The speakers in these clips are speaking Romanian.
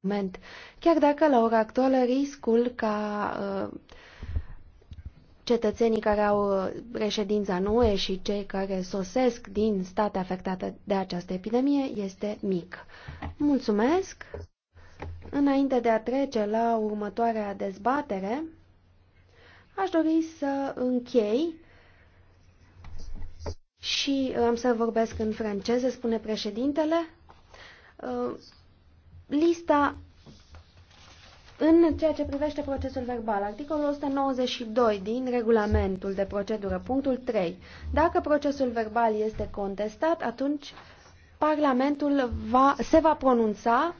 moment, chiar dacă la ora actuală riscul ca uh, cetățenii care au uh, reședința în UE și cei care sosesc din state afectate de această epidemie este mic. Mulțumesc! Înainte de a trece la următoarea dezbatere, aș dori să închei și am să vorbesc în franceză, spune președintele. Uh, lista în ceea ce privește procesul verbal, articolul 192 din regulamentul de procedură, punctul 3. Dacă procesul verbal este contestat, atunci Parlamentul va, se va pronunța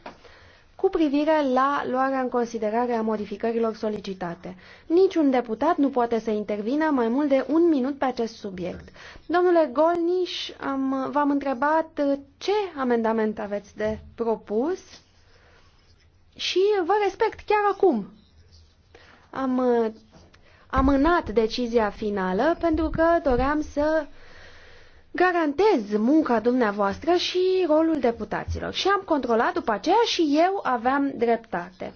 cu privire la luarea în considerare a modificărilor solicitate. Niciun deputat nu poate să intervină mai mult de un minut pe acest subiect. Domnule Golniș, v-am întrebat ce amendament aveți de propus și vă respect chiar acum. Am uh, amânat decizia finală pentru că doream să garantez munca dumneavoastră și rolul deputaților. Și am controlat după aceea și eu aveam dreptate.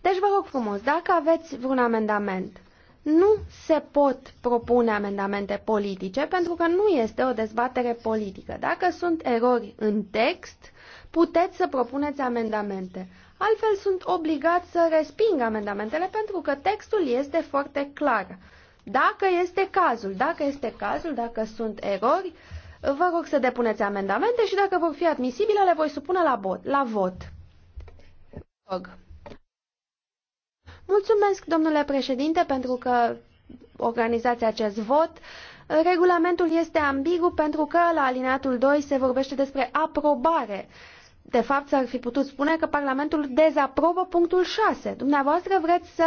Deci vă rog frumos, dacă aveți vreun amendament nu se pot propune amendamente politice pentru că nu este o dezbatere politică. Dacă sunt erori în text, puteți să propuneți amendamente. Altfel sunt obligați să resping amendamentele pentru că textul este foarte clar. Dacă este cazul, dacă este cazul, dacă sunt erori, vă rog să depuneți amendamente și dacă vor fi admisibile, le voi supune la, vot. la vot. Rog. Mulțumesc, domnule președinte, pentru că organizați acest vot. Regulamentul este ambigu pentru că la alineatul 2 se vorbește despre aprobare. De fapt, s-ar fi putut spune că Parlamentul dezaprobă punctul 6. Dumneavoastră vreți să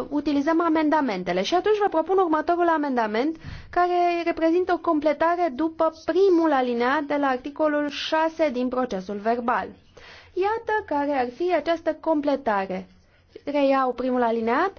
uh, utilizăm amendamentele și atunci vă propun următorul amendament care reprezintă o completare după primul alineat de la articolul 6 din procesul verbal. Iată care ar fi această completare reiau primul alineat,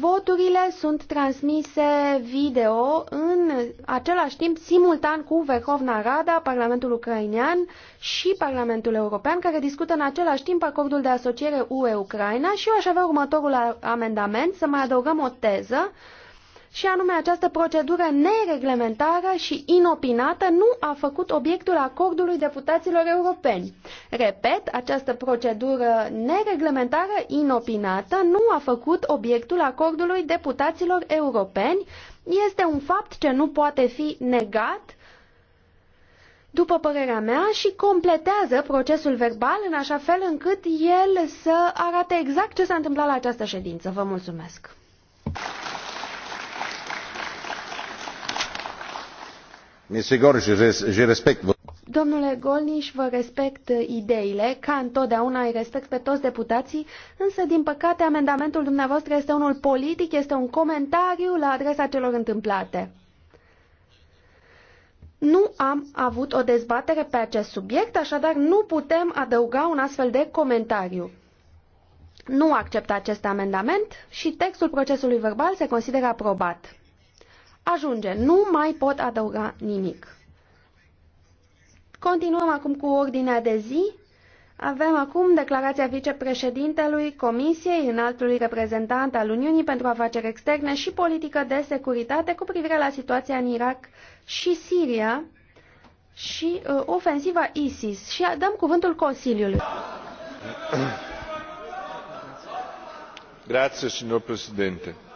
voturile sunt transmise video în același timp simultan cu Verhovna Rada, Parlamentul Ucrainean și Parlamentul European, care discută în același timp acordul de asociere UE-Ucraina și eu aș avea următorul amendament, să mai adăugăm o teză, și anume această procedură nereglementară și inopinată nu a făcut obiectul acordului deputaților europeni. Repet, această procedură nereglementară, inopinată, nu a făcut obiectul acordului deputaților europeni. Este un fapt ce nu poate fi negat după părerea mea, și completează procesul verbal în așa fel încât el să arate exact ce s-a întâmplat la această ședință. Vă mulțumesc! Domnule Golniș, vă respect ideile, ca întotdeauna îi respect pe toți deputații, însă, din păcate, amendamentul dumneavoastră este unul politic, este un comentariu la adresa celor întâmplate. Nu am avut o dezbatere pe acest subiect, așadar nu putem adăuga un astfel de comentariu. Nu accept acest amendament și textul procesului verbal se consideră aprobat. Ajunge, nu mai pot adăuga nimic. Continuăm acum cu ordinea de zi. Avem acum declarația vicepreședintelui Comisiei Înaltului Reprezentant al Uniunii pentru Afaceri Externe și Politică de Securitate cu privire la situația în Irak și Siria și uh, ofensiva ISIS. Și dăm cuvântul Consiliului. Grazie, signor Presidente.